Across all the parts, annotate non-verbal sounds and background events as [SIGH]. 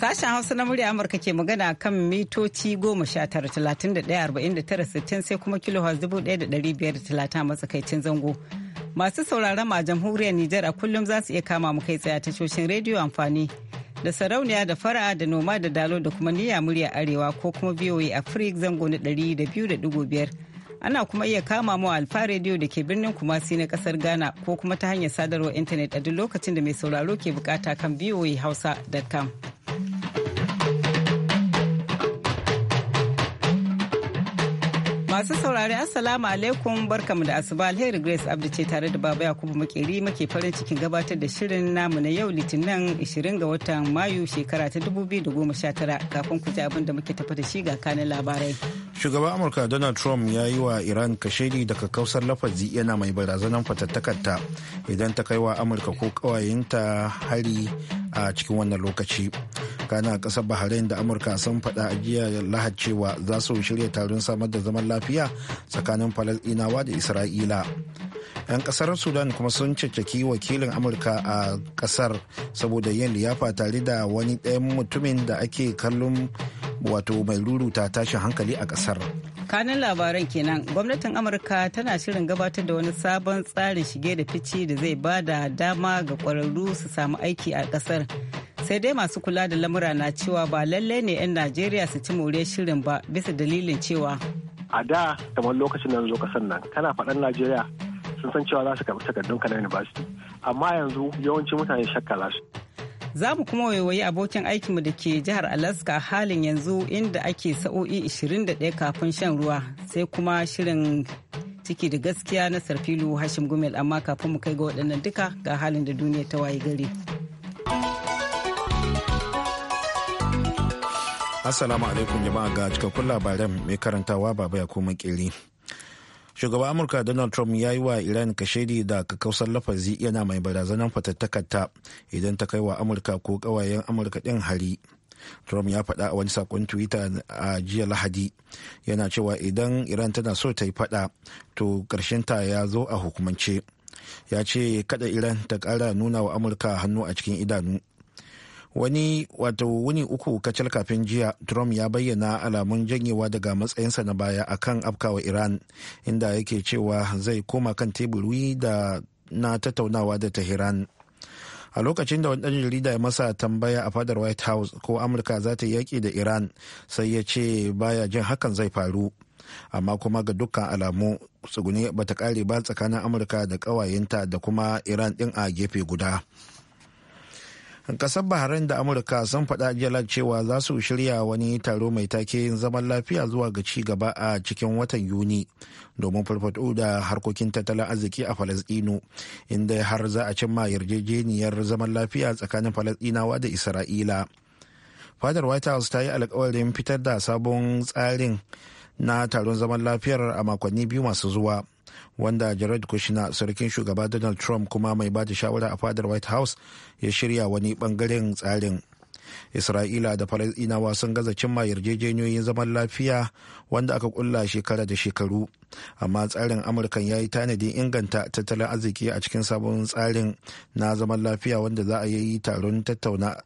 Sashen Hausa na murya Amurka ke magana kan mitoci sittin sai kuma a 1,530 matsakaicin zango. Masu sauraron ma jamhuriyar Nijar a kullum za su iya kama mu kai tsaye tashoshin rediyo amfani da sarauniya da fara da noma da dalo da kuma niyya murya arewa ko kuma biyoyi a Africa zango na 200.5 ana kuma iya kama mu alfa rediyo da ke birnin kumasi na kasar ghana ko kuma ta hanyar sadarwar intanet a duk lokacin da mai sauraro ke bukata kan voa hausa.com. Masu saurari Assalamu alaikum barkamu da asuba alheri Grace Abdi ce tare da Baba Yakubu Makeri muke farin cikin gabatar da shirin namu na yau Litinin 20 ga watan Mayu shekara ta 2019 kafin ku ji abin da muke tafa da shi ga kanin labarai. Shugaban Amurka Donald Trump ya yi wa Iran kashedi daga kausar lafazi yana mai barazanar fatattakarta idan ta kai wa Amurka ko kawayenta hari a cikin wannan lokaci. a kasar bahrain da amurka sun faɗa a jiya lahad cewa za su shirya taron samar da zaman lafiya tsakanin falasɗinawa da isra'ila 'yan kasar sudan kuma sun caccaki wakilin amurka a kasar saboda yin liyafa tare da wani ɗayan mutumin da ake kallon wato mai ruruta tashin hankali a kasar kanin labaran kenan gwamnatin amurka tana shirin gabatar da wani sabon tsarin shige da fice da zai ba da dama ga kwararru su samu aiki a kasar sai dai masu kula da lamura na cewa ba lallai ne 'yan najeriya su ci more shirin ba bisa dalilin cewa a da kamar lokacin yanzu zo nan kana faɗan najeriya sun san cewa za su karɓi takardun na university amma yanzu yawancin mutane shakka za su za mu kuma waiwayi abokin aikinmu da ke jihar alaska halin yanzu inda ake sa'o'i 21 kafin shan ruwa sai kuma shirin ciki da gaskiya na sarfilu hashim gumel amma kafin mu kai ga waɗannan duka ga halin da duniya ta waye gari. Assalamu alaikum jama'a ga cikakkun labaran mai karantawa baba ya koma kiri. Shugaban Amurka Donald Trump ya yi wa Iran kashedi da kakausar lafazi yana mai barazanar fatattakarta idan ta kai wa Amurka ko kawayen Amurka ɗin hari. Trump ya faɗa a wani sakon Twitter a jiya Lahadi yana cewa idan Iran tana so ta yi faɗa to ta ya zo a hukumance. Ya ce kada Iran ta ƙara nuna wa Amurka hannu a cikin idanu wani wato wuni uku kacal kafin jiya trump ya bayyana alamun janyewa daga matsayinsa na baya akan afkawa iran inda yake cewa zai koma kan teburi da na tattaunawa da tehran a lokacin da wani ɗan jarida ya masa tambaya a fadar white house ko amurka za ta yaƙi da iran sai ya ce baya jin hakan zai faru amma kuma ga dukkan alamu tsuguni bata kare ba tsakanin amurka da ƙawayenta da kuma iran ɗin a gefe guda kasar bahrain da amurka sun faɗa jiya cewa za su shirya wani taro mai take zaman lafiya zuwa ga ci gaba a cikin watan yuni domin farfaɗo da harkokin tattalin arziki a falasɗinu inda har za a cimma yarjejeniyar zaman lafiya tsakanin falasɗinawa da isra'ila fadar white house ta yi alkawarin fitar da sabon tsarin na taron zaman lafiyar a makonni biyu masu zuwa wanda jared kushner sarkin shugaba donald trump kuma mai ba da shawara a fadar white house ya shirya wani bangaren tsarin isra'ila da falasɗinawa sun gaza cimma yarjejeniyoyin zaman lafiya wanda aka kulla shekara da shekaru amma tsarin amurkan ya yi tanadin inganta tattalin arziki a cikin sabon tsarin na zaman lafiya wanda za a yi taron tattauna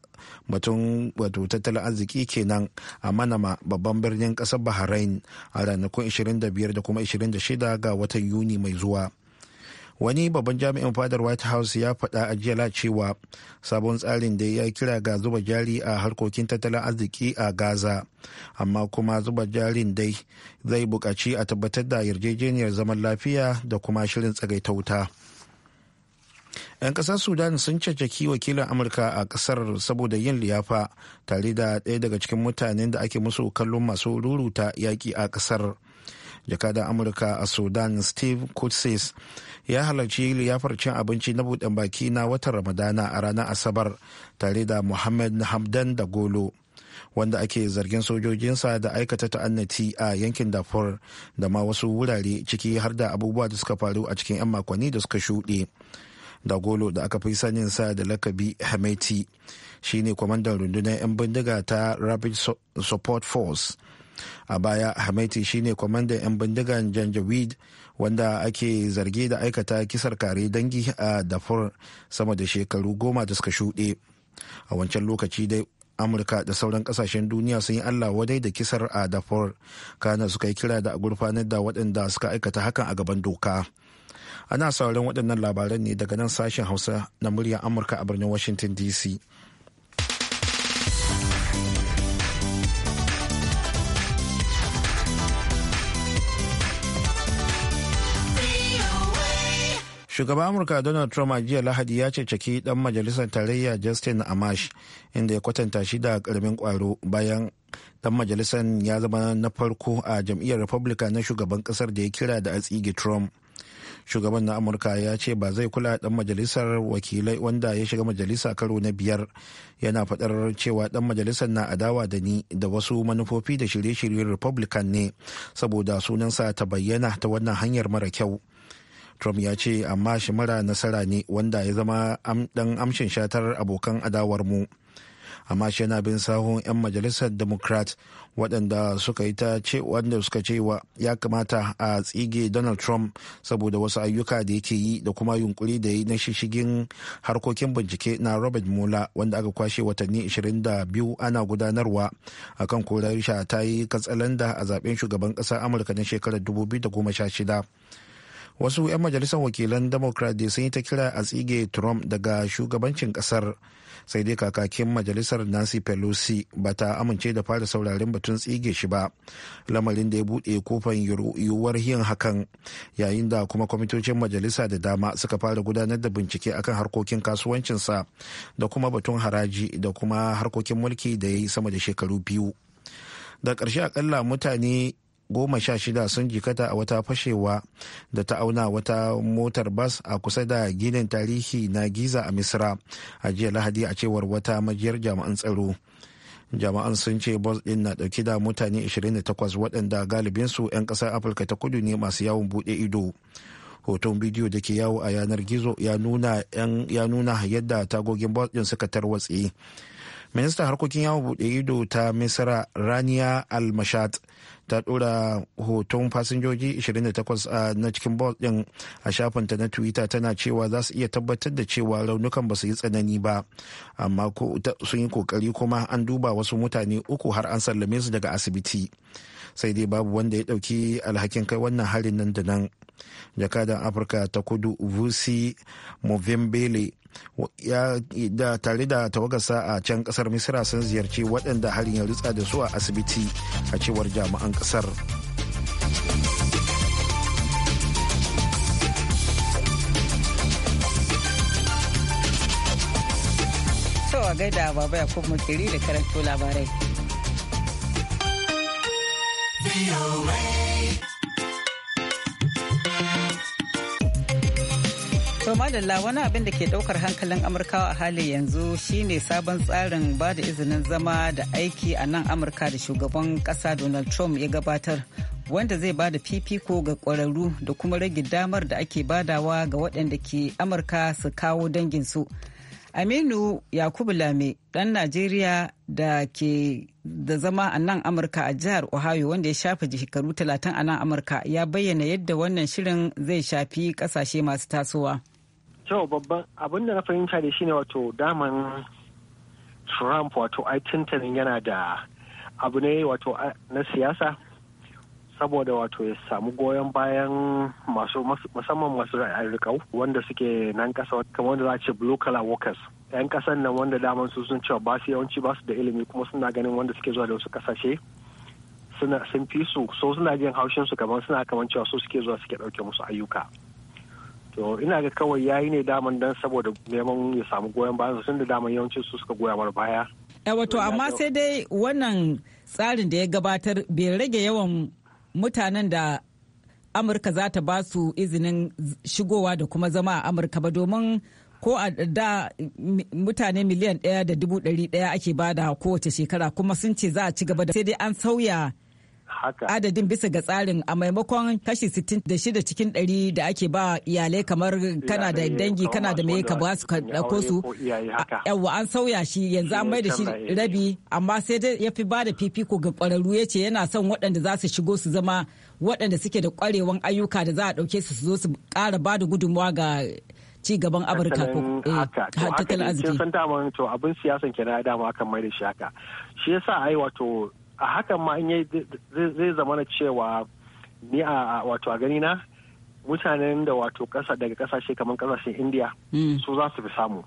batun wato tattalin arziki kenan a manama babban birnin ƙasar bahrain a ranakun 25 da kuma 26 ga watan yuni mai zuwa wani babban jami'in fadar white house ya faɗa a jiya cewa sabon tsarin da ya kira ga zuba jari a harkokin tattalin arziki a gaza amma kuma zuba jarin dai zai buƙaci a tabbatar da yarjejeniyar zaman lafiya da kuma shirin tsagaita wuta 'yan kasar sudan sun caccaki wakilin amurka a kasar saboda yin liyafa tare da ɗaya daga cikin mutanen da ake musu kallon masu ruruta yaƙi a kasar jakadan amurka a sudan steve kutsis ya halarci liyafar cin abinci na buɗe baki na watan ramadana a ranar asabar tare da muhammad hamdan da golo wanda ake zargin sojojinsa da aikata ta'annati a yankin dafur da ma wasu wurare ciki har da abubuwa da suka faru a cikin 'yan makonni da suka shuɗe da golo da aka fi sanin sa da lakabi hameti shine kwamandan rundunar 'yan bindiga ta rapid support force a baya hamaiti shine kwamandan 'yan bindigan janjaweed wanda ake zarge da aikata kisar kare dangi a dafur sama da shekaru goma da suka shuɗe a wancan lokaci dai amurka da sauran kasashen duniya sun yi allah wadai da kisar a dafur kana suka yi kira da gurfanar da waɗanda suka aikata hakan a gaban doka ana sauran waɗannan labaran ne daga nan sashen hausa na muryar amurka a birnin washington dc shugaban amurka donald trump a jiya lahadi ya ceceki dan majalisar tarayya justin amash inda ya kwatanta shi da karamin kwaro bayan dan majalisar ya zama na farko a jam'iyyar republican na shugaban kasar da ya kira da a tsige trump shugaban na amurka ya ce ba zai kula dan majalisar wakilai wanda ya shiga majalisa karo na biyar yana fadar cewa dan majalisar na adawa da ni da wasu manufofi da shirye-shiryen republican ne saboda sunansa ta bayyana ta wannan hanyar mara kyau trump ya ce amma shi mara nasara ne wanda ya zama dan amshin shatar abokan adawar mu amma shi yana bin sahun 'yan majalisar democrat waɗanda suka yi ta ce wanda suka ce wa ya kamata a tsige donald trump saboda wasu ayyuka da yake yi da kuma yunkuri da yi na shishigin harkokin bincike na robert mueller wanda aka kwashe watanni 22 ana gudanarwa a akan korar sha ta yi katsalanda a zaben shugaban ƙasar amurka na shekarar 2016 wasu 'yan majalisar wakilan democrat sun yi ta kira a tsige trump daga shugabancin kasar sai dai kakakin majalisar nancy pelosi ba ta amince da fara saurarin batun tsige shi ba lamarin da ya bude kofan yiwuwar yin hakan yayin da kuma kwamitocin majalisa da dama suka fara gudanar da bincike akan harkokin kasuwancinsa da kuma batun haraji da kuma harkokin mulki da ya yi sama da shekaru biyu da ƙarshe akalla mutane goma sha shida sun jikata a wata fashewa da ta auna wata motar bas a kusa da ginin tarihi na giza a misra a jiya lahadi a cewar wata majiyar jami'an tsaro jama'an sun ce bus din na dauke da mutane 28 waɗanda galibinsu 'yan ƙasar afirka ta kudu ne masu yawon buɗe ido hoton bidiyo da ke yawo a yanar gizo ya nuna yadda tagogin bus din suka tarwatse ministan harkokin yawon buɗe ido ta misra rania al-mashat ta dora hoton fasinjoji 28 na cikin bus din a shafinta na twitter tana cewa za su iya tabbatar da cewa raunukan ba su yi tsanani ba amma sun yi kokari kuma an duba wasu mutane uku har an sallame su daga asibiti sai dai babu wanda ya dauki alhakin kai wannan harin nan da nan jakadan afirka ta kudu vusi movimbele da tare da tawagarsa a can kasar misira sun ziyarci waɗanda harin ya rutsa da su a asibiti a cewar jami'an kasar a gaida baba ya kuma kiri da karanto labarai. To madalla wani abin da ke daukar hankalin Amurkawa a halin yanzu shine sabon tsarin ba da izinin zama da aiki a nan Amurka da shugaban kasa Donald Trump ya gabatar wanda zai ba da fifiko ga kwararru da kuma rage damar da ake badawa ga waɗanda ke Amurka su kawo dangin su Aminu Yakubu Lame dan Najeriya da ke da zama a nan Amurka a jihar Ohio wanda ya shafe shekaru 30 a nan Amurka ya bayyana yadda wannan shirin zai shafi ƙasashe masu tasowa. to babban abin da na fahimta da shine wato daman trump wato ai tuntunin yana da abu ne wato na siyasa saboda wato ya samu goyon bayan masu musamman masu rikau wanda suke nan kasa kamar wanda za a ce blue collar workers yan kasan nan wanda daman su sun cewa ba su yawanci ba su da ilimi kuma suna ganin wanda suke zuwa da wasu kasashe sun fi su so suna jin haushin su kamar suna kamar cewa su suke zuwa suke dauke musu ayyuka to ina ga kawai yayi ne daman dan saboda neman ya samu goyon bayan sun da daman yawancin su suka goya mara baya eh, wato amma sai dai wannan tsarin da ya gabatar bai rage yawan mutanen da amurka za ta ba su izinin shigowa da kuma zama a amurka ba domin ko a da mutane miliyan ɗaya da dubu ɗari ɗaya ake bada kowace shekara kuma sun ce za a ci gaba da sai dai an sauya adadin bisa ga tsarin a maimakon kashi 66 cikin 100 da ake ba iyalai kamar kana da dangi kana da mai ka ba su ka dauko su yawa an sauya shi yanzu an mai da shi rabi amma sai dai ya fi ba da fifiko ga kwararru ya ce yana son waɗanda za su shigo su zama waɗanda suke da kwarewan ayyuka da za a ɗauke su su zo su ƙara ba da gudunmawa ga ci gaban amurka ko tattalin eh, arziki. san daman to abin siyasan kenan dama akan mai da shi haka. Shi yasa ai wato a hakan ma in zai zama na cewa ni a wato a gani na mutanen da wato kasa daga kasashe kamar kasashen india hmm. su za su fi samu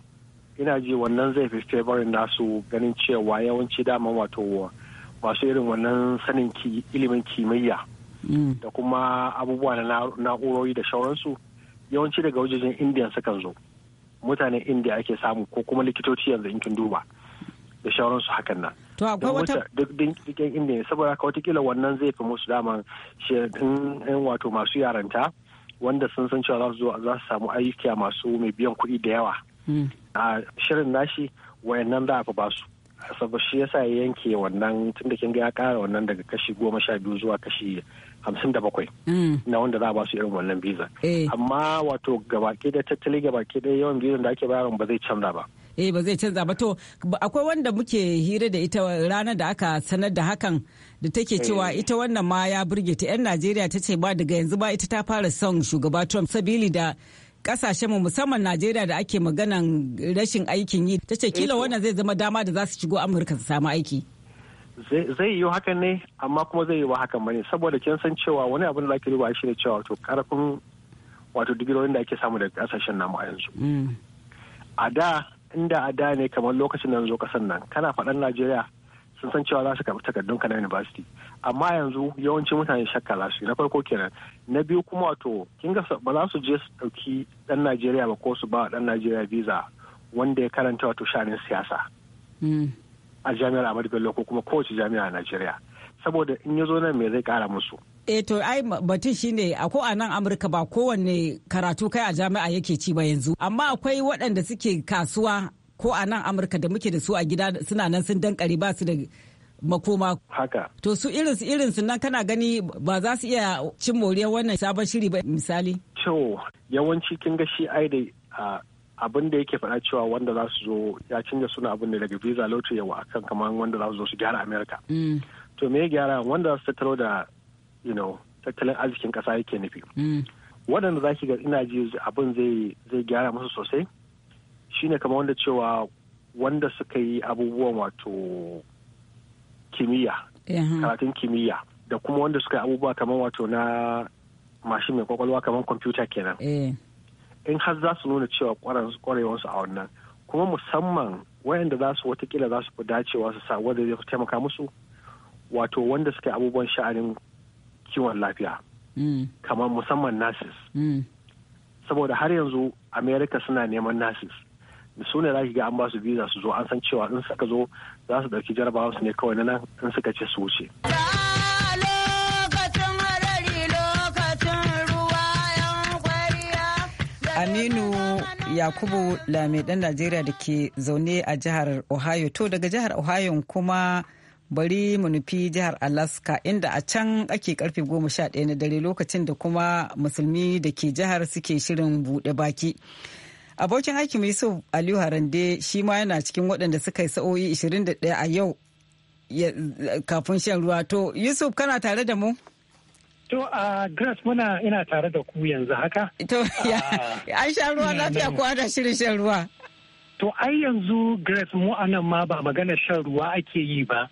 ina ji wannan zai fi favorin nasu ganin cewa yawanci daman wato masu irin wannan sanin ilimin kimiyya hmm. da kuma abubuwa na na'urori da shauransu yawanci daga wajejen india sukan zo mutanen indiya ake samu ko kuma likitoci yanzu in kin duba da shauransu hakan nan to akwai wata duk dinkin inda ne saboda haka watakila wannan zai fi musu daman shi wato masu yaranta wanda sun san cewa za su za su samu ayyuka masu mai biyan kuɗi da yawa hmm. a shirin nashi wayannan za a fi basu saboda shi yasa ya yanke wannan tunda kin ga ya kara wannan daga kashi goma sha biyu zuwa kashi hamsin da bakwai hmm. na wanda za a basu irin wannan biza eh. amma wato gabaki da tattali gabaki da yawan bizan da ake bayarwa ba zai canza ba eh ba zai canza ba to akwai wanda muke hira da ita ranar da aka sanar da hakan da take eh. cewa ita wannan ma ya burge ta 'yan najeriya ta ce ba daga yanzu ba ita ta fara son shugaba trump sabili da kasashen mu musamman najeriya da ake maganan rashin aikin yi ta ce eh, kila wannan zai zama dama da za su shigo amurka su samu aiki zai yi hakan ne amma kuma zai yi wa hakan bane saboda kin san cewa wani abin da zaki duba shi ne cewa wato karafin wato digirorin da ake samu daga kasashen namu a yanzu mm. a da inda a da ne kamar lokacin da zo kasan nan kana faɗan najeriya sun san cewa za su karɓi takardun na university amma yanzu yawancin mutane shakka za su na farko kenan na biyu kuma wato kin ga ba za su je su ɗauki ɗan najeriya ba ko su ba ɗan najeriya visa wanda ya karanta wato sha'anin siyasa hmm. a jami'ar amadu bello ko kuma kowace jami'a a najeriya saboda in ya zo nan me zai kara musu eh to ai batun shine a ko a amurka ba kowanne karatu kai a jami'a yake ci ba yanzu amma akwai waɗanda suke kasuwa ko a amurka da muke da su a gida suna nan sun dankare ba su da makoma. Haka. To su irinsu irinsu nan kana gani ba za su iya cin moriyar wannan sabon shiri ba misali? To yawanci kin ga shi ai da abin da yake faɗa cewa wanda za su zo ya canja suna abin da daga visa lottery yawa akan kamar wanda za su zo su gyara Amerika. Mm. to me gyara wanda su tattaro da you know tattalin arzikin kasa yake nufi mm. waɗanda zaki ga ina ji abin zai gyara musu sosai shine kama wanda cewa wanda suka yi abubuwan wato kimiyya karatun kimiyya da kuma wanda suka yi abubuwa kamar wato na mashin mai kwakwalwa kamar kwamfuta kenan eh. in har za su nuna cewa kwarewansu a wannan kuma musamman wayanda za su watakila za su fi dacewa su sa wanda zai taimaka musu wato wanda suke abubuwan sha'anin kiwon lafiya mm. kamar musamman nurses mm. saboda har yanzu america suna neman nurses su ne za ga an ba su visa su zo an san cewa in suka zo za su ɗauki jarabawa su ne kawai na nan in suka ce su wuce. Aminu Yakubu Lame ɗan Najeriya da ke zaune a jihar Ohio. To daga jihar Ohio kuma bari mu nufi jihar alaska inda a can ake karfe goma sha ɗaya na dare lokacin da kuma musulmi da ke jihar suke shirin buɗe baki abokin aikin yusuf aliyu harande shi ma yana cikin waɗanda suka yi sa'o'i 21 a yau kafin shan ruwa to yusuf kana tare da mu To a Grace muna ina tare da ku yanzu haka. To ya, ah. an sha ruwa lafiya ko ana shirin shan ruwa. To ai yanzu Grace mu anan ma ba magana shan ruwa ake yi ba.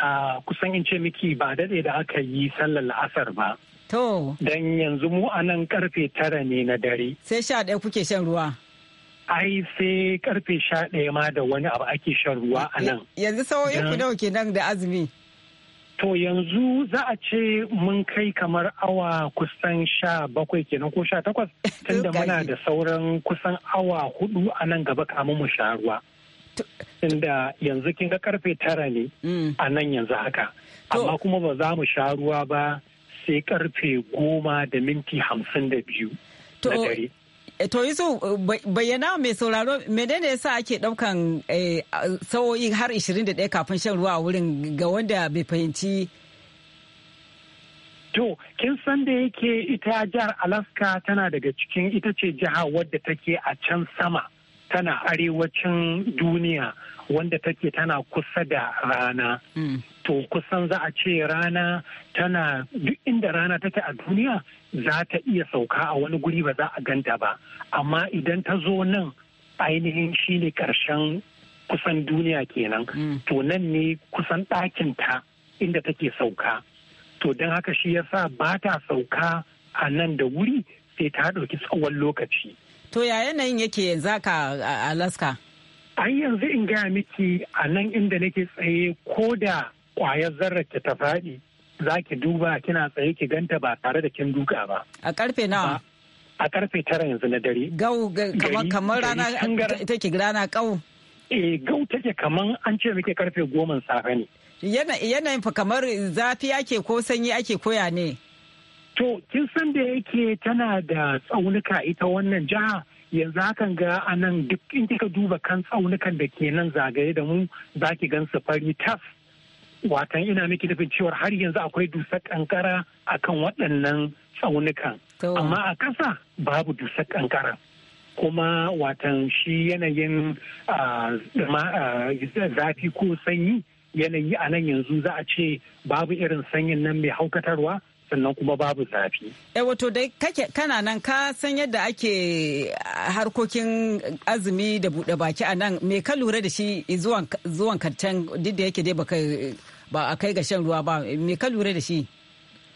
A kusan in ce miki ba dade da aka yi sallar la'asar ba. To. Dan yanzu mu a nan karfe tara ne na dare. Sai sha ɗaya kuke shan ruwa. Ai sai karfe sha ɗaya ma da wani abu ake shan ruwa a nan. Yanzu sauyin ku nawa kenan da azumi. To yanzu za a ce mun kai kamar awa kusan sha bakwai kenan ko sha takwas [LAUGHS] tunda muna da sauran kusan awa hudu a nan gaba kamun mu sha ruwa. inda yanzu kin ga karfe tara ne mm. a nan yanzu haka amma kuma ba za mu sha ruwa ba sai karfe goma da minti hamsin da biyu na dare eh, to yusuf bayyana mai sauraro menene yasa ake daukan eh, sa'o'i har 21 kafin shan ruwa a wurin ga wanda bai fahimci to kin san da yake ita jihar alaska tana daga cikin ita ce jiha wadda take a can sama tana arewacin duniya wanda take tana kusa da rana hmm. to kusan za a ce rana tana duk inda rana take a duniya za ta iya sauka a wani guri ba za a ganta ba amma idan ta zo nan ainihin shi ne karshen kusan duniya kenan hmm. to nan ne kusan ɗakin ta inda take sauka to don haka shi yasa ba ta sauka a nan da wuri sai ta ɗauki tsawon lokaci To ya yanayin yake yanzu aka a Alaska? An yanzu in gaya miki a nan inda nake tsaye ko da kwayar zarar ta faɗi za ki duba kina tsaye ki ganta ba tare da kin duka ba. A karfe nawa? A karfe tara yanzu na dare. Gau kamar rana take rana kau. Eh gau take kamar an ce muke karfe goma safe ne. Yanayin fa kamar zafi ake ko sanyi ake koya ne. To, kin san da yake tana da tsaunuka ita wannan jiha yanzu hakan ga a nan duk in kika duba kan tsaunukan da ke nan zagaye da mu za ki gan su fari taf Watan ina miki nufin cewar har yanzu akwai dusar kankara kan waɗannan tsaunukan. Amma a ƙasa babu dusar kankara. Kuma watan shi yanayin zafi ko sanyi yanayi a nan yanzu za a ce babu irin sanyin nan mai haukatarwa sannan kuma babu zafi. E wato dai kake kana nan ka san yadda ake ah, harkokin azumi da buɗe baki a nan me ka lura da shi zuwan zuwan duk da yake dai ba a kai ga shan ruwa ba me ka lura da shi?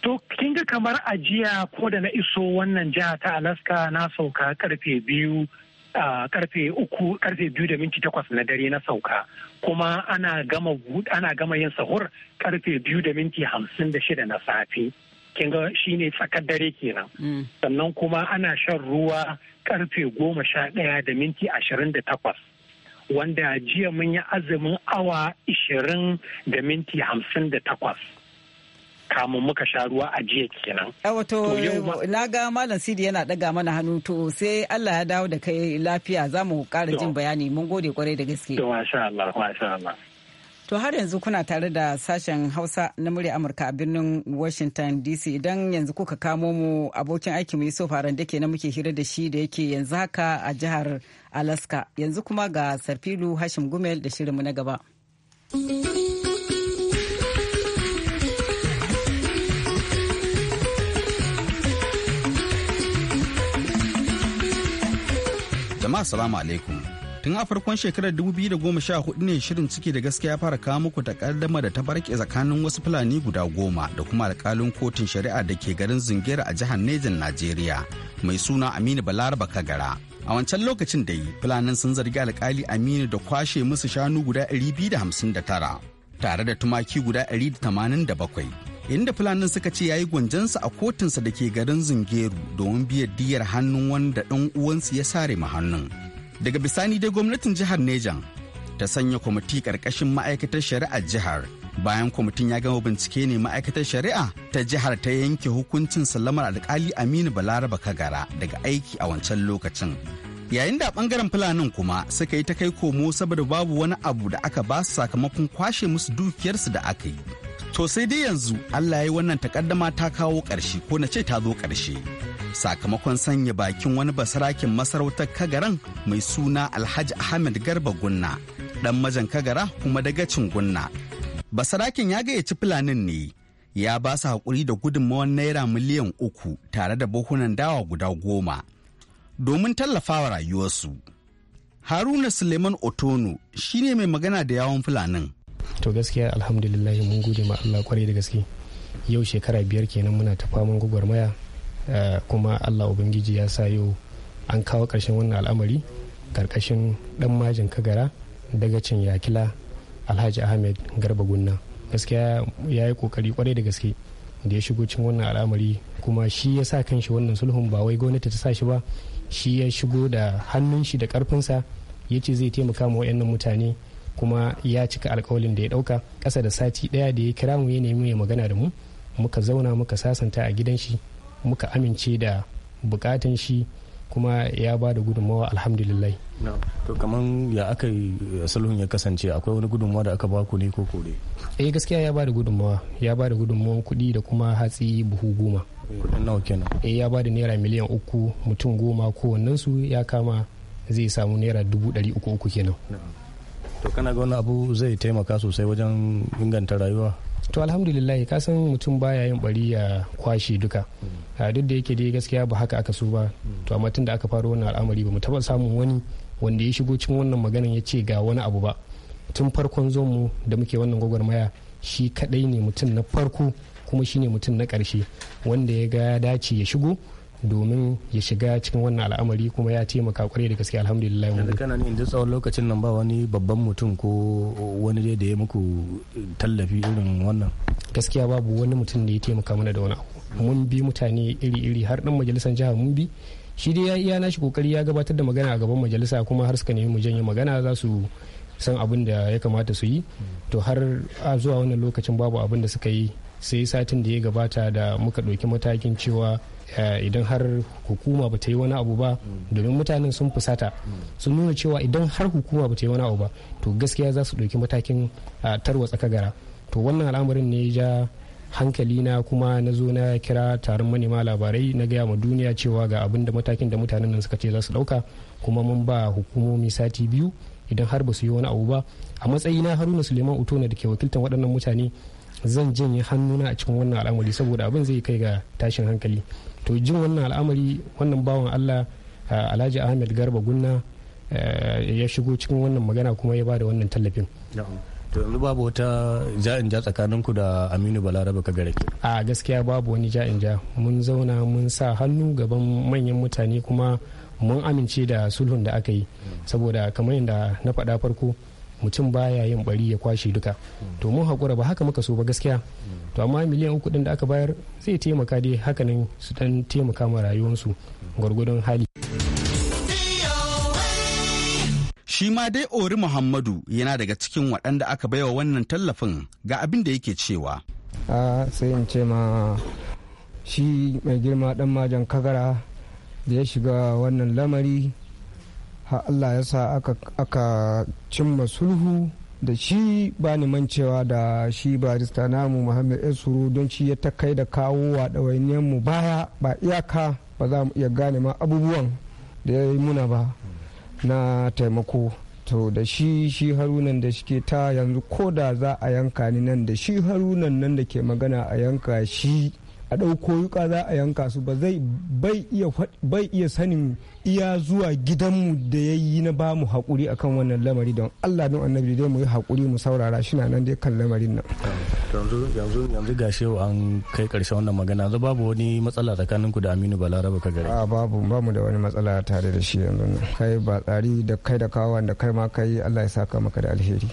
To kin ga kamar ajiya ko da na iso wannan jiha ta Alaska na sauka karfe biyu ah, karfe uku karfe biyu da minti takwas na dare na sauka kuma ana gama ana gama yin sahur karfe biyu da minti hamsin da shida na safe kin ga shine tsakar dare kenan mm. sannan kuma ana shan ruwa karfe goma sha ɗaya da minti ashirin da takwas wanda jiya mun yi azumin awa ashirin da minti hamsin da takwas kamun muka sha ruwa a jiya kenan. Ah, wato na ga Malam Sidi yana daga mana hannu to sai Allah ya dawo da kai lafiya za mu kara jin bayani mun gode kwarai da gaske. Allah. To har yanzu kuna tare da sashen Hausa na murya Amurka a birnin Washington DC idan yanzu kuka kamo mu abokin aikinmu Yusuf Haran da ke na muke hira da shi da yake yanzu haka a jihar Alaska. Yanzu kuma ga Sarfilu Hashim Gumel da shirinmu na gaba. Jama'a salamu alaikum. tun a farkon shekarar 2014 ne shirin ciki da gaskiya fara kawo muku takaddama da ta barke tsakanin wasu fulani guda goma da kuma alkalin kotun shari'a da ke garin zungera a jihar nejan najeriya mai suna aminu balaraba kagara a wancan lokacin da yi fulanin sun zargi alkali aminu da kwashe musu shanu guda 259 tare da tumaki guda 187 inda fulanin suka ce ya yayi gwanjansa a kotunsa da ke garin zingeru domin biyar diyar hannun wanda ɗan uwansu ya sare mu hannun daga bisani dai gwamnatin jihar nejan ta sanya kwamiti ƙarƙashin ma'aikatar shari'ar jihar bayan kwamitin ya gama bincike ne ma'aikatar shari'a ta jihar ta yanke hukuncin sallamar alkali aminu balaraba kagara daga aiki a wancan lokacin yayin da bangaren fulanin kuma suka yi ta kai komo saboda babu wani abu da aka ba su sakamakon kwashe musu dukiyarsu da aka yi to sai dai yanzu allah ya yi wannan takaddama ta kawo ƙarshe ko na ce ta zo ƙarshe sakamakon sanya bakin wani basarakin masarautar kagaran mai suna alhaji ahmed garba gunna dan majan kagara kuma dagacin gunna basarakin ya gayyaci fulanin ne ya ba su haƙuri da gudunmawar naira miliyan uku tare da buhunan dawa guda goma domin tallafawa rayuwarsu haruna suleiman otono shine mai magana da yawon fulanin to gaskiya alhamdulillah mun gode ma allah kwarai da gaske yau shekara biyar kenan muna ta faman maya. Eh, kuma allah ubangiji ya sayo an kawo ƙarshen wannan al'amari ƙarƙashin ɗan majin kagara dagacin yakila alhaji ahmed garba gunna gaskiya ya yi ƙoƙari kwarai da gaske da ya shigo cin wannan al'amari kuma shi ya sa kanshi wannan sulhun ba wai gwamnati ta sa shi ba shi ya shigo da hannun shi da karfinsa ya ce zai taimaka ma wayannan mutane kuma ya cika alkawalin da ya ɗauka kasa da sati ɗaya da ya kira mu ya nemi ya magana da mu muka zauna muka sasanta a gidan shi muka amince da bukatan shi kuma ya ba da gudunmawa alhamdulillah to kaman ya aka sulhun ya kasance akwai wani gudunmawa da aka baku ne ko kore eh gaskiya ya ba da gudunmawa ya ba da gudunmawan kuɗi da kuma hatsi buhu goma eh, kuɗin nawa kenan eh ya ba da naira miliyan uku mutum goma su ya kama zai samu naira dubu ɗari uku uku kenan to kana ga wani abu zai taimaka sosai wajen inganta rayuwa to alhamdulillah ka san mutum baya yin bari ya kwashe duka mm. ah, duk da yake dai gaskiya ba haka aka so ba mm. to amma tun da aka faro wannan al'amari ba mu taba samun wani wanda ya shigo cikin wannan maganan ya ce ga wani abu ba tun farkon zon mu da muke wannan gwagwarmaya shi kadai ne mutum na farko kuma shine mutum na karshe wanda ya ga ya dace ya shigo domin ya shiga cikin wannan al'amari kuma ya taimaka kwarai da gaske alhamdulillah yanzu kana ne duk tsawon lokacin nan ba wani babban mutum ko wani dai da ya muku tallafi irin wannan gaskiya babu wani mutum da ya taimaka mana da wani abu mun bi mutane iri-iri har dan majalisar jihar mun bi shi dai ya iya nashi kokari ya gabatar da magana a gaban majalisa kuma har suka nemi mu janye magana za su san abin da ya kamata su yi to har a zuwa wannan lokacin babu abin da suka yi sai satin da ya gabata da muka ɗauki matakin cewa eh, idan har hukuma ba ta yi wani abu ba domin mutanen sun fusata sun nuna cewa idan har hukuma ba ta yi wani abu ba to gaskiya za su ɗauki matakin tsaka gara to wannan al'amarin ne ja hankali na kuma na zo na kira taron manema labarai na gaya ma duniya cewa ga abin da matakin da mutanen nan suka ce za su ɗauka kuma mun ba hukumomi sati biyu idan har ba su yi wani abu ba a matsayi na haruna suleiman utona da ke wakiltar waɗannan mutane zan janye hannuna a cikin wannan al'amari saboda abin zai kai ga tashin hankali to jin wannan al'amari wannan bawan allah ah, alhaji ahmed garba gunna eh, ya shigo cikin wannan magana kuma ya bada wannan tallafin to yanzu babu wata ja'in ja tsakanin ku da aminu balaraba ka gare a gaskiya babu wani ja'in ja mun zauna mun sa hannu gaban manyan mutane kuma mun amince da sulhun da aka yi saboda kamar yadda na faɗa farko mutum baya yin bari ya kwashe duka to mun hakura ba haka muka so ba gaskiya to amma miliyan uku din da aka bayar zai taimaka dai haka nan su dan taimaka ma rayuwarsu gwargwadon hali shi ma dai ori muhammadu yana daga cikin waɗanda aka baiwa wannan tallafin ga abin da yake cewa a sai in ce ma shi mai girma dan majan kagara da ya shiga wannan lamari har allah ya sa aka cimma sulhu da shi ba ni mancewa da shi barista namu muhammad esuru don shi ya ta kai da kawo wa mu baya ba iyaka ba za mu iya gane ma abubuwan da ya yi muna ba na taimako to da shi shi harunan da shike ta yanzu ko da za a yanka ni nan da shi harunan nan da ke magana a yanka shi a ɗauko yuka za a yanka su ba zai bai iya sanin iya zuwa gidanmu da ya yi na ba mu haƙuri akan wannan lamari don allah don annabi dai mu yi haƙuri mu saurara shi nan dai kan lamarin nan yanzu yanzu gashe an kai ƙarshe wannan magana yanzu babu wani matsala tsakanin da aminu balaraba ka gari. a babu ba mu da wani matsala tare da shi yanzu kai ba tsari da kai da kawo da kai ma kai allah ya saka maka da alheri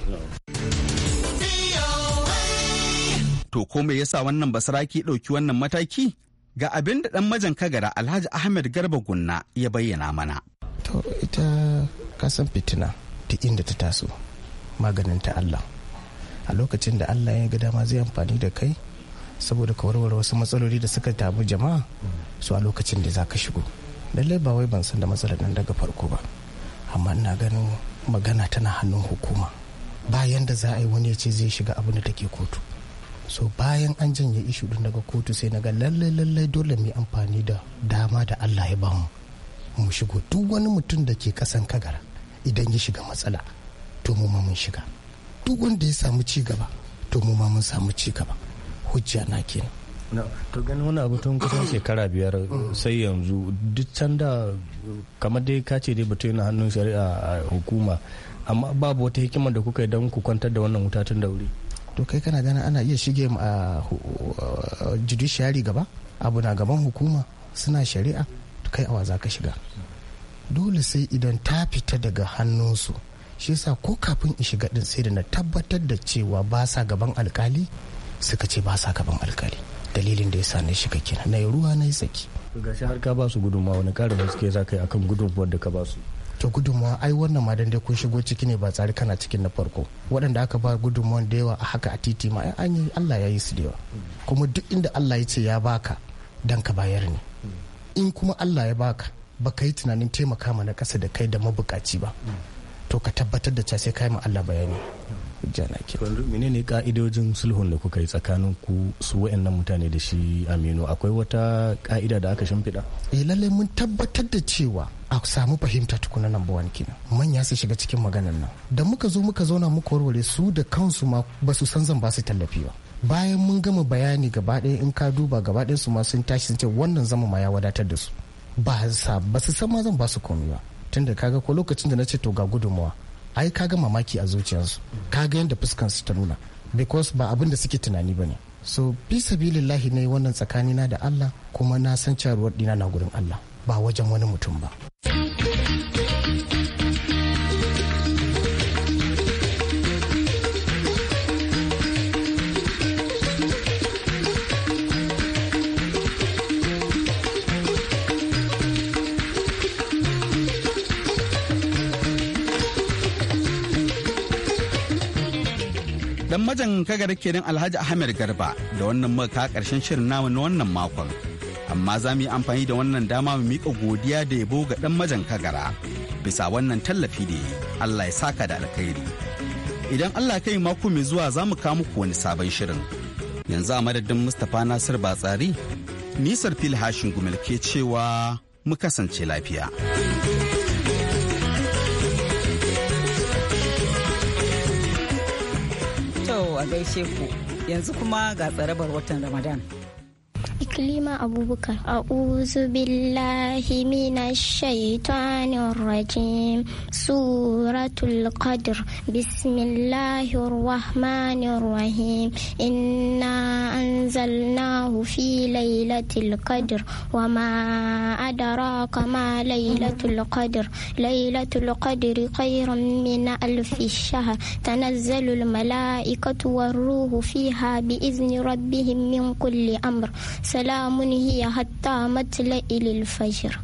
To ko me yasa wannan basaraki ɗauki wannan mataki? Ga abin da ɗan majan kagara Alhaji Ahmed Garba Gunna ya bayyana mana. To ita kasan fitina ta inda ta taso maganin ta Allah. A lokacin da Allah ya ga dama zai amfani da kai saboda ka warware wasu matsaloli da suka tabu jama'a su a lokacin da za ka shigo. Lallai ba wai ban san da matsalar nan daga farko ba. Amma ina ganin magana tana hannun hukuma. Bayan da za a yi wani ya ce zai shiga abin da take kotu. so bayan an janye ishu din daga kotu sai naga lallai lallai dole mu amfani da dama da Allah ya bamu mu shigo duk wani mutum da ke kasan kagara idan ya shiga matsala to mu ma mun shiga duk wanda ya samu ci gaba to mu ma mun samu ci gaba hujja na kenan to ganin wani abu tun kusan shekara biyar sai yanzu duk can da kamar dai ka ce dai batu yana hannun shari'a a hukuma amma babu wata hikimar da kuka yi don ku kwantar da wannan wuta tun da wuri to kai kana gana ana iya shige a uh, uh, judiciary gaba abu na gaban hukuma suna shari'a to kai awa za ka shiga dole sai idan ta fita daga hannunsu shi yasa ko kafin in shiga din sai da na tabbatar da cewa ba sa gaban alkali suka ce ba sa gaban alkali dalilin da yasa na shiga kenan na yi ruwa na yi tsaki gashi har ka ba su gudunmawa wani karin suke za ka yi akan gudunmawar da ka ba su ta gudunmawa ai wannan ma dan dai kun shigo ciki ne ba tsari kana cikin na farko waɗanda aka ba gudunmawan da yawa a haka a titi ma an yi Allah ya yi su da yawa kuma duk inda Allah ya ce ya baka dan ka bayar ne in kuma Allah ya baka baka yi tunanin taimaka ma na ƙasa da kai da mabukaci ba to ka tabbatar da ta sai kai ma Allah bayani jana ke ka'idojin sulhun da kuka yi tsakanin ku su wayannan mutane da shi aminu akwai wata ka'ida da aka shimfiɗa eh lallai mun tabbatar da cewa a samu fahimta tukuna nan bawan kenan manya su shiga cikin maganar nan da muka zo muka zauna muka warware su da kansu ma ba su san zan ba su tallafi ba bayan mun gama bayani gaba ɗaya in ka duba gaba ɗaya su ma sun tashi sun ce wannan zama ma ya wadatar da su ba sa ba su san ma zan ba su komai ba tunda kaga ko lokacin da na ce to ga gudunmawa ai kaga mamaki a zuciyarsu kaga yadda su ta nuna because ba abin da suke tunani ba ne so fi sabilillahi ne wannan tsakanina da allah kuma na san caruwar dina na gurin allah ba wajen wani mutum ba. Alhajin kagara kenan Alhaji Ahmed Garba da wannan maka karshen shirin namu na wannan makon. Amma za mu yi amfani da wannan dama mu miƙa godiya da yabo ga ɗan majan kagara bisa wannan tallafi da Allah ya saka da alkhairi. Idan Allah kai mako mai zuwa za mu kawo muku wani sabon shirin. Yanzu a madadin Mustapha Nasir Batsari, Nisar Fil Hashin Gumel ke cewa mu kasance lafiya. gaishe ku yanzu kuma ga tsarabar watan Ramadan. تسليما أبو بكر أعوذ بالله من الشيطان الرجيم سورة القدر بسم الله الرحمن الرحيم إنا أنزلناه في ليلة القدر وما أدراك ما ليلة القدر ليلة القدر خير من ألف الشهر تنزل الملائكة والروح فيها بإذن ربهم من كل أمر سلام هي حتى مطلع الفجر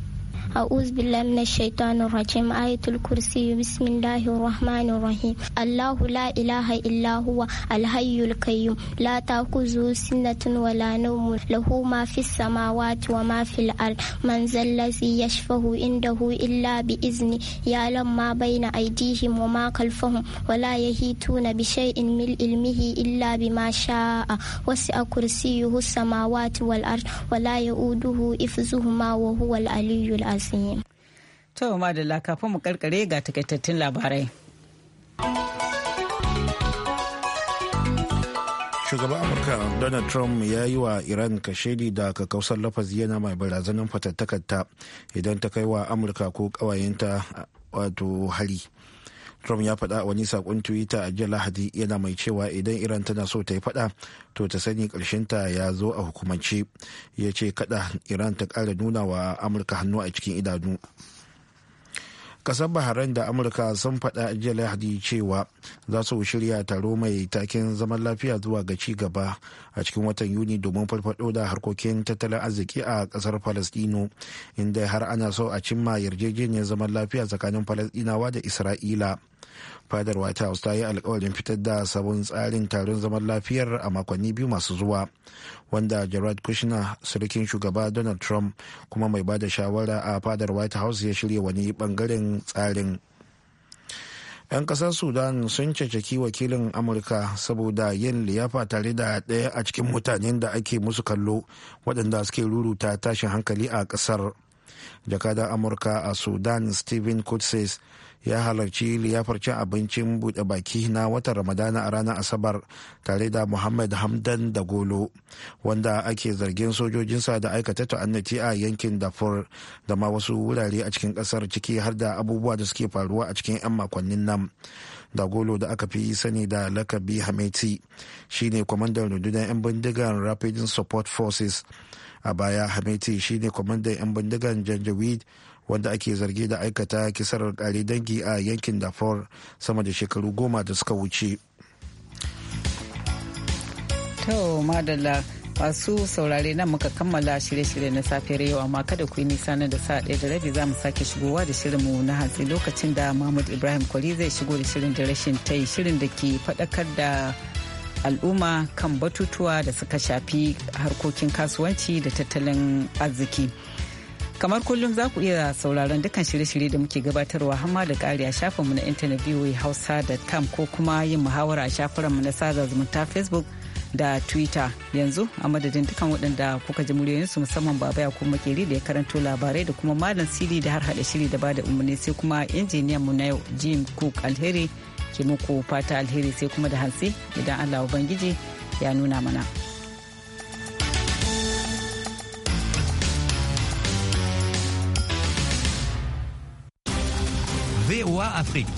أعوذ بالله من الشيطان الرجيم آية الكرسي بسم الله الرحمن الرحيم الله لا إله إلا هو الحي القيوم لا تأخذه سنة ولا نوم له ما في السماوات وما في الأرض من ذا الذي يشفه عنده إلا بإذنه يعلم ما بين أيديهم وما خلفهم ولا يهيتون بشيء من علمه إلا بما شاء وسع كرسيه السماوات والأرض ولا يؤوده إفزهما وهو العلي العظيم hantsi. To Madalla kafin mu karkare ga takaitattun labarai. Shugaban Amurka Donald Trump ya yi wa Iran kashedi da kakausar lafazi yana mai barazanar ta idan ta kai wa Amurka ko ƙawayenta wato hari. Trump ya faɗa a wani saƙon Twitter a jiya Lahadi yana mai cewa idan Iran tana so ta yi faɗa to ta sani karshen ta ya zo a hukumance. Ya ce kada Iran ta ƙara nuna wa Amurka hannu a cikin idanu. kasar bahrain da amurka sun faɗa jiya lahadi cewa za su shirya taro mai takin zaman lafiya zuwa ga ci gaba a cikin watan yuni domin farfado da harkokin tattalin arziki a kasar palestino inda har ana so a cimma yarjejeniyar zaman lafiya tsakanin palestinawa da isra'ila fadar white house ta yi alkawarin fitar da sabon tsarin taron zaman lafiyar a makonni biyu masu zuwa wanda gerard kushner surukin shugaba donald trump kuma mai bada shawara a fadar white house ya shirya wani bangaren tsarin 'yan kasar sudan sun ceceki wakilin amurka saboda yin liyafa tare da ɗaya a cikin mutanen da ake musu kallo waɗanda suke ruruta tashin hankali a ƙasar. jakadar amurka a sudan steven kutses ya halarci liyafar cin abincin bude baki na watan ramadana a ranar asabar tare da muhammad hamdan da golo wanda ake zargin sojojinsa da aikata ta'annati a yankin dafur da ma wasu wurare a cikin kasar ciki har da abubuwa da suke faruwa a cikin 'yan makonnin nan da golo da aka fi sani da lakabi hameti shine kwamandan rundunar 'yan bindigan rapid support forces a baya hamiti shine kwamandan 'yan bindigan janjaweed wanda ake zargi da aikata kisar kare dangi a yankin dafor sama da shekaru goma da suka wuce masu saurare nan muka kammala shirye-shirye na safiyar yau amma kada ku yi nisa da sa ɗaya da rabi za mu sake shigowa da shirin mu na hantsi lokacin da mahmud ibrahim kwari zai shigo da shirin da rashin tai shirin da ke faɗakar da al'umma kan batutuwa da suka shafi harkokin kasuwanci da tattalin arziki. kamar kullum za ku iya sauraron dukkan shirye-shirye da muke gabatarwa hamma da kari a shafinmu na intanet tam ko kuma yin muhawara a shafinmu na sada zumunta facebook da twitter yanzu a madadin dukkan waɗanda kuka ji muryoyinsu musamman baba ya kuma makeri da ya karanto labarai da kuma malam siri da har hada shiri da bada umarni sai kuma injiniyan mu na yau jim cook alheri ke muku fata alheri sai kuma da hantsi idan allah ubangiji ya nuna mana. VOA